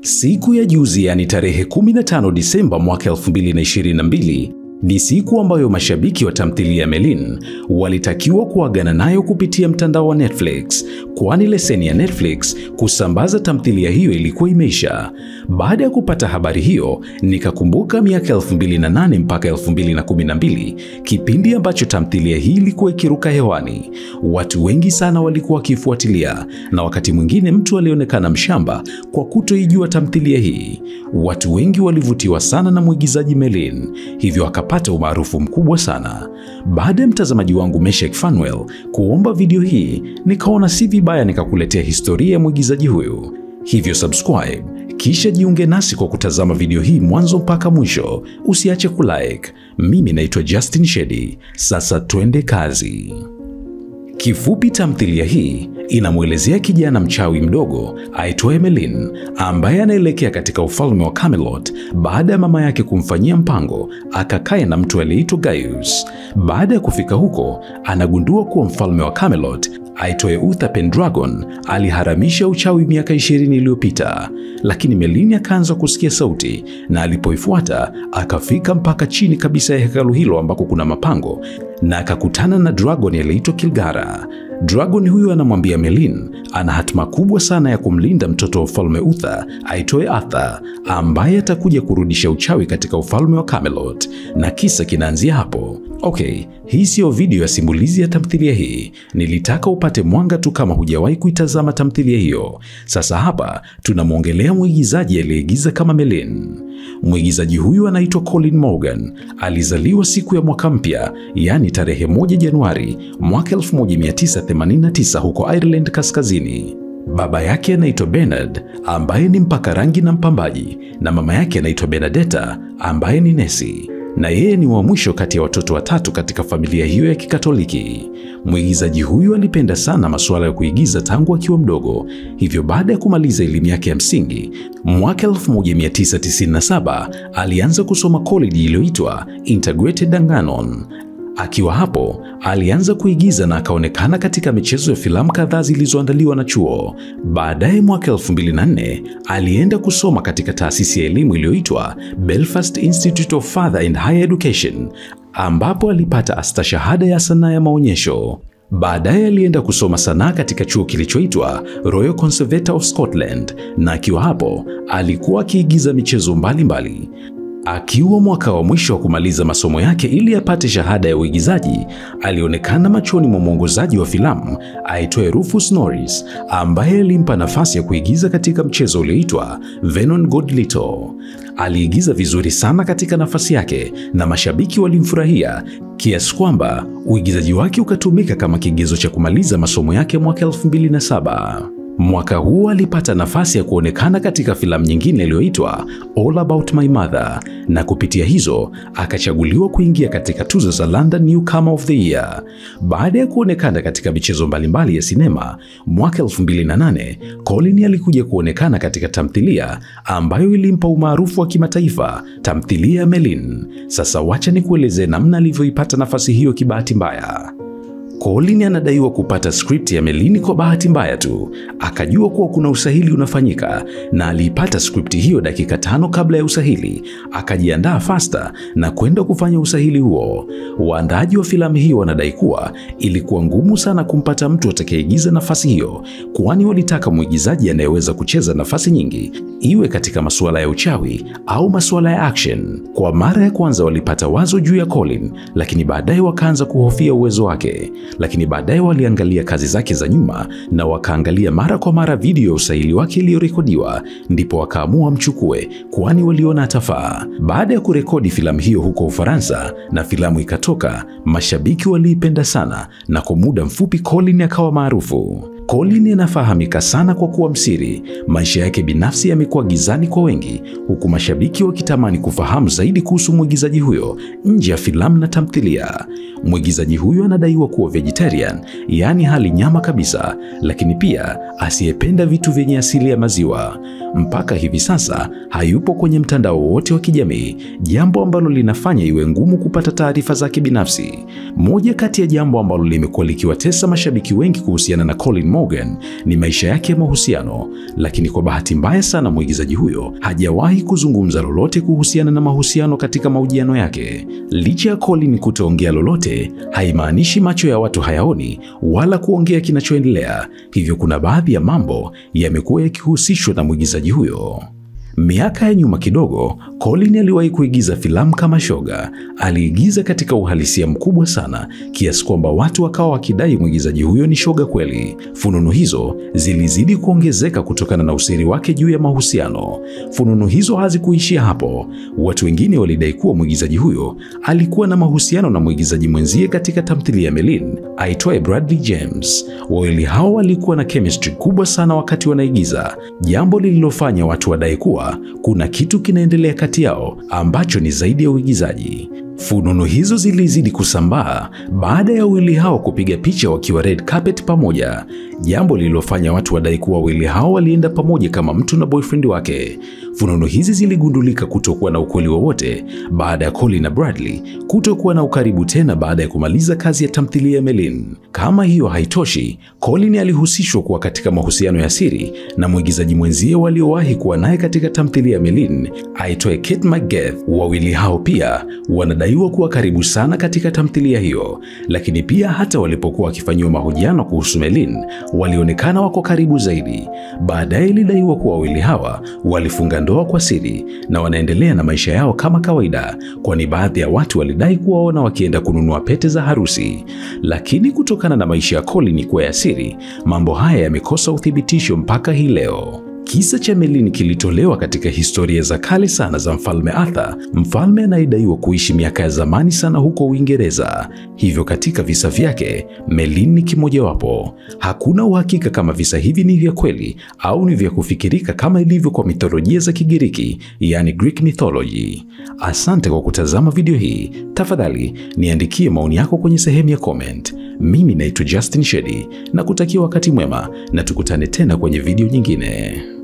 Siku ya juzi, yani tarehe 15 Disemba mwaka 2022, ni siku ambayo mashabiki wa tamthilia Merlin walitakiwa kuagana nayo kupitia mtandao wa Netflix, kwani leseni ya Netflix kusambaza tamthilia hiyo ilikuwa imeisha. Baada ya kupata habari hiyo, nikakumbuka miaka 2008 mpaka 2012, kipindi ambacho tamthilia hii ilikuwa ikiruka hewani. Watu wengi sana walikuwa wakifuatilia, na wakati mwingine mtu alionekana mshamba kwa kutoijua tamthilia hii. Watu wengi walivutiwa sana na mwigizaji Merlin, hivyo nikapata umaarufu mkubwa sana. Baada ya mtazamaji wangu Meshek Fanuel kuomba video hii, nikaona si vibaya nikakuletea historia ya mwigizaji huyu. Hivyo subscribe kisha jiunge nasi kwa kutazama video hii mwanzo mpaka mwisho. Usiache kulike. Mimi naitwa Justin Shedi. Sasa twende kazi. Kifupi, tamthilia hii inamwelezea kijana mchawi mdogo aitwaye melin ambaye anaelekea katika ufalme wa Camelot baada ya mama yake kumfanyia mpango akakae na mtu aliyeitwa Gaius. Baada ya kufika huko, anagundua kuwa mfalme wa Camelot aitwaye Uther Pendragon aliharamisha uchawi miaka 20 iliyopita, lakini melin akaanza kusikia sauti na alipoifuata akafika mpaka chini kabisa ya hekalu hilo ambako kuna mapango na akakutana na Dragon aliyeitwa Kilgara. Dragon huyu anamwambia Merlin ana hatima kubwa sana ya kumlinda mtoto wa ufalme Uther aitoe Arthur, ambaye atakuja kurudisha uchawi katika ufalme wa Camelot, na kisa kinaanzia hapo. Okay, hii siyo video ya simulizi ya tamthilia hii. Nilitaka upate mwanga tu kama hujawahi kuitazama tamthilia hiyo. Sasa hapa tunamwongelea mwigizaji aliyeigiza kama melin Mwigizaji huyu anaitwa Colin Morgan. Alizaliwa siku ya mwaka mpya, yaani tarehe 1 Januari mwaka 1989 huko Ireland Kaskazini. Baba yake anaitwa Bernard ambaye ni mpaka rangi na mpambaji, na mama yake anaitwa Bernadetta ambaye ni nesi na yeye ni wa mwisho kati ya watoto watatu katika familia hiyo ya Kikatoliki. Mwigizaji huyu alipenda sana masuala ya kuigiza tangu akiwa mdogo, hivyo baada ya kumaliza elimu yake ya msingi mwaka 1997 alianza kusoma college iliyoitwa Integrated Danganon Akiwa hapo, alianza kuigiza na akaonekana katika michezo ya filamu kadhaa zilizoandaliwa na chuo. Baadaye mwaka 2004 alienda kusoma katika taasisi ya elimu iliyoitwa Belfast Institute of Further and Higher Education ambapo alipata astashahada ya sanaa ya maonyesho. Baadaye alienda kusoma sanaa katika chuo kilichoitwa Royal Conservator of Scotland na akiwa hapo alikuwa akiigiza michezo mbalimbali mbali. Akiwa mwaka wa mwisho wa kumaliza masomo yake ili apate shahada ya uigizaji, alionekana machoni mwa mwongozaji wa filamu aitwaye Rufus Norris, ambaye alimpa nafasi ya kuigiza katika mchezo ulioitwa venon godlito Aliigiza vizuri sana katika nafasi yake na mashabiki walimfurahia kiasi kwamba uigizaji wake ukatumika kama kigezo cha kumaliza masomo yake mwaka 2007. Mwaka huu alipata nafasi ya kuonekana katika filamu nyingine iliyoitwa All About My Mother na kupitia hizo akachaguliwa kuingia katika tuzo za London Newcomer of the Year. Baada ya kuonekana katika michezo mbalimbali ya sinema, mwaka 2008 Colin alikuja kuonekana katika tamthilia ambayo ilimpa umaarufu wa kimataifa, tamthilia Merlin. Sasa wacha nikueleze namna alivyoipata nafasi hiyo kibahati mbaya. Colin anadaiwa kupata skripti ya Melini kwa bahati mbaya tu. Akajua kuwa kuna usahili unafanyika na aliipata skripti hiyo dakika tano kabla ya usahili. Akajiandaa fasta na kwenda kufanya usahili huo. Waandaaji wa filamu hiyo wanadai kuwa ilikuwa ngumu sana kumpata mtu atakayeigiza nafasi hiyo, kwani walitaka mwigizaji anayeweza kucheza nafasi nyingi, iwe katika masuala ya uchawi au masuala ya action. Kwa mara ya kwanza walipata wazo juu ya Colin, lakini baadaye wakaanza kuhofia uwezo wake lakini baadaye waliangalia kazi zake za nyuma na wakaangalia mara kwa mara video ya usaili wake iliyorekodiwa, ndipo wakaamua mchukue, kwani waliona atafaa. Baada ya kurekodi filamu hiyo huko Ufaransa na filamu ikatoka, mashabiki waliipenda sana na kwa muda mfupi Colin akawa maarufu. Colin anafahamika sana kwa kuwa msiri. Maisha yake binafsi yamekuwa gizani kwa wengi, huku mashabiki wakitamani kufahamu zaidi kuhusu mwigizaji huyo nje ya filamu na tamthilia. Mwigizaji huyo anadaiwa kuwa vegetarian, yaani hali nyama kabisa, lakini pia asiyependa vitu vyenye asili ya maziwa mpaka hivi sasa hayupo kwenye mtandao wote wa kijamii, jambo ambalo linafanya iwe ngumu kupata taarifa zake binafsi. Moja kati ya jambo ambalo limekuwa likiwatesa mashabiki wengi kuhusiana na Colin Morgan ni maisha yake ya mahusiano, lakini kwa bahati mbaya sana mwigizaji huyo hajawahi kuzungumza lolote kuhusiana na mahusiano katika mahojiano yake. Licha ya Colin kutoongea lolote, haimaanishi macho ya watu hayaoni wala kuongea kinachoendelea. Hivyo kuna baadhi ya mambo yamekuwa yakihusishwa na mwigizaji mchezaji huyo. Miaka ya nyuma kidogo, Colin aliwahi kuigiza filamu kama shoga. Aliigiza katika uhalisia mkubwa sana kiasi kwamba watu wakawa wakidai mwigizaji huyo ni shoga kweli. Fununu hizo zilizidi kuongezeka kutokana na usiri wake juu ya mahusiano. Fununu hizo hazikuishia hapo. Watu wengine walidai kuwa mwigizaji huyo alikuwa na mahusiano na mwigizaji mwenzie katika tamthilia ya Merlin aitwaye Bradley James. Wawili hao walikuwa na chemistry kubwa sana wakati wanaigiza, jambo lililofanya watu wadai kuwa kuna kitu kinaendelea kati yao ambacho ni zaidi ya uigizaji. Fununu hizo zilizidi kusambaa baada ya wawili hao kupiga picha wakiwa red carpet pamoja, jambo lililofanya watu wadai kuwa wawili hao walienda pamoja kama mtu na boyfriend wake. Fununu hizi ziligundulika kutokuwa na ukweli wowote baada ya Colin na Bradley kutokuwa na ukaribu tena baada ya kumaliza kazi ya tamthilia ya Merlin. Kama hiyo haitoshi, Colin alihusishwa kuwa katika mahusiano ya siri na mwigizaji mwenzie waliowahi kuwa naye katika tamthilia ya Merlin aitwaye Kate McGeth. Wawili hao pia wanadaiwa kuwa karibu sana katika tamthilia hiyo, lakini pia hata walipokuwa wakifanyiwa mahojiano kuhusu Merlin, walionekana wako karibu zaidi. Baadaye ilidaiwa kuwa wawili hawa walifunga ndoa kwa siri na wanaendelea na maisha yao kama kawaida, kwani baadhi ya watu walidai kuwaona wakienda kununua pete za harusi. Lakini kutokana na maisha ya Colin kuwa ya siri, mambo haya yamekosa uthibitisho mpaka hii leo. Kisa cha Merlin kilitolewa katika historia za kale sana za Mfalme Arthur, mfalme anayedaiwa kuishi miaka ya zamani sana huko Uingereza. Hivyo katika visa vyake, Merlin ni kimojawapo. Hakuna uhakika kama visa hivi ni vya kweli au ni vya kufikirika kama ilivyo kwa mitolojia za Kigiriki, yani Greek mythology. Asante kwa kutazama video hii. Tafadhali niandikie maoni yako kwenye sehemu ya comment. Mimi naitwa Justin Shedi na kutakia wakati mwema na tukutane tena kwenye video nyingine.